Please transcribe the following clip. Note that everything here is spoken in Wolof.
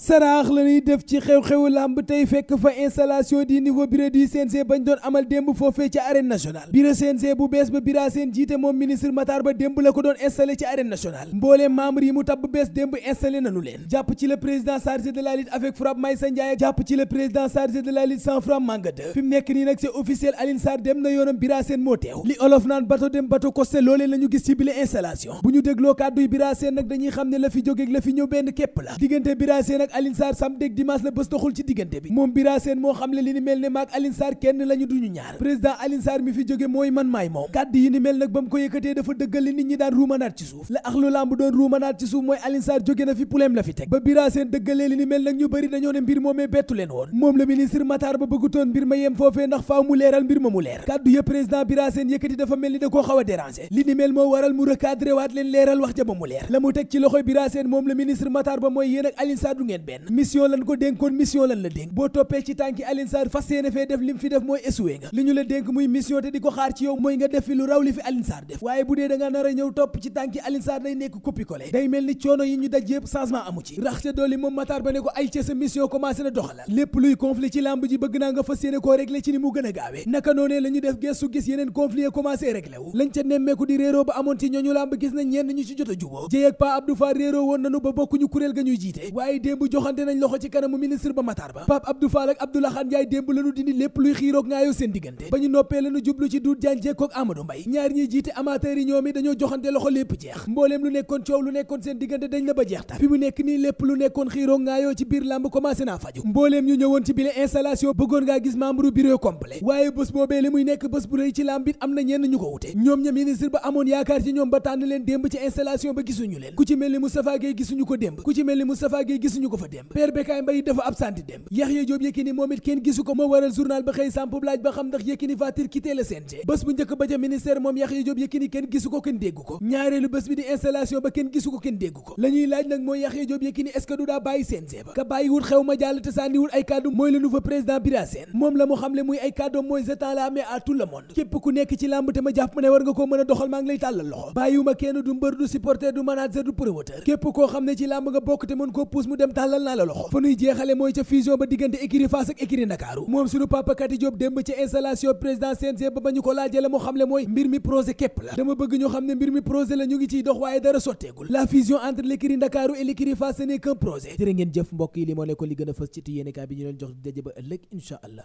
saraax la ñuy def ci xew-xewu làmb tey fekk fa installation di nouveau bureau du CNG bañ doon amal démb foofee ci arène nationale bureau CNG bu bees ba Bira Sène moom ministre Matar Ba démb la ko doon installé ci arène nationale mbooleem membre yi mu tabb bees démb installé nanu leen jàpp ci le président chargé de la lutte avec frappe Maysa Ndiaye jàpp ci le président chargé de la lutte sans frappe Manga 2 fi nekk nii nag c'est officiel Alioune Sarr dem na yoonam ñu gis ne la fi jógeeg la fi ñëw benn ak Alioune Sarr samedi ak la bés doxul ci diggante bi moom Bira Sène moo xam li ni mel ne maag Alioune Sarr kenn lañu duñu ñaar président Alioune Sarr mi fi jóge mooy man maay moom kàddu yi ni mel nag ba mu ko yëkkatee dafa dëggal li nit ñi daan ruumanaat ci suuf la axlu lamb doon ruumanaat ci suuf mooy Alioune jóge na fi puleem la fi teg ba Bira Sène li ni mel nag ñu bëri dañoo ne mbir moomee bettu leen woon moom la ministre Matar Ba bëggutoon ma yem foofee ndax faaw mu leeral mbir ma mu leer kàddu ya président Bira Sène yëkkati dafa mel ni da koo xaw a leer la mu teg ci loxoy Bira Sène moom la leen benn mission lan ko dénkoon mission lan la dénk boo toppee ci tànki Alioune Sarr fas yéene fee def lim fi def mooy échoué e nga li ñu la dénk muy mission te di ko xaar ci yow mooy nga def fi lu raw li fi Alioune def waaye bu dee da nga ñëw topp ci tànki Alioune Sarr day nekk copier-coller day mel ni coono yi ñu daj yëpp changement amu ci rax ca dolli moom Matar Ba ne ko ay ca mission commencé na doxalal lépp luy conflit ci lamb ji bëgg naa nga fas yéene ga ñuy jiite waaye démb joxante nañ lu nekkoon coow lu nekkoon seen diggante dañ la ba jeex ta fi mu nekk nii lépp lu nekkoon xiiroog ngaayoo ci biir làmb commencé naa faju mbooleem ñu ñëwoon ci bile installation bëggoon ngaa gis membre bureau complet waaye bés boobee li muy nekk bés bu rëy ci làmb it am na ñenn ñu ko wute ñoom ña ministre ba amoon yaakaar ci ñoom ba tànn leen démb ci installation ba gisuñu leen ku ci mel ni Moustapha gisuñu ko démb ku ci mel ni ko fa démb père Bécaye Mbaye dafa absenté démb Yaxya Joob moom it kenn gisu ko moo waral journal ba xëy samp laaj ba xam ndax Yékini va-t-il quitter le CNG bés bu njëkk ba ca ministère moom Yaxya Joob Yékini kenn gisu ko kenn déggu ko ñaareelu bés bi di installation ba kenn gisu ko kenn déggu ko la laaj nag mooy Yaxya Joob Yékini est-ce du daa bàyyi CNG ba ka bàyyiwul xew ma jàll te sànniwul ay kàddu mooy la mu xamle muy ay tàllal naa la loxo fa nuy jeexale mooy ca fusion ba diggante écurie Fass ak écurie Ndakaaru moom suñu papa Kati démb ca installation président CNG ba ba ñu ko laajee la mu xamle mooy mbir mi projet képp la dama bëgg ñu xam ne mbir mi projet la ñu ngi ciy dox waaye dara sotteegul la fusion entre l'écurie Ndakaaru et l'écurie Fass ce n'est projet jërë ngeen jëf mbokk li moo nekkoon li gën fës ci ti yéenekaay ñu leen jox di ba ëllëg incha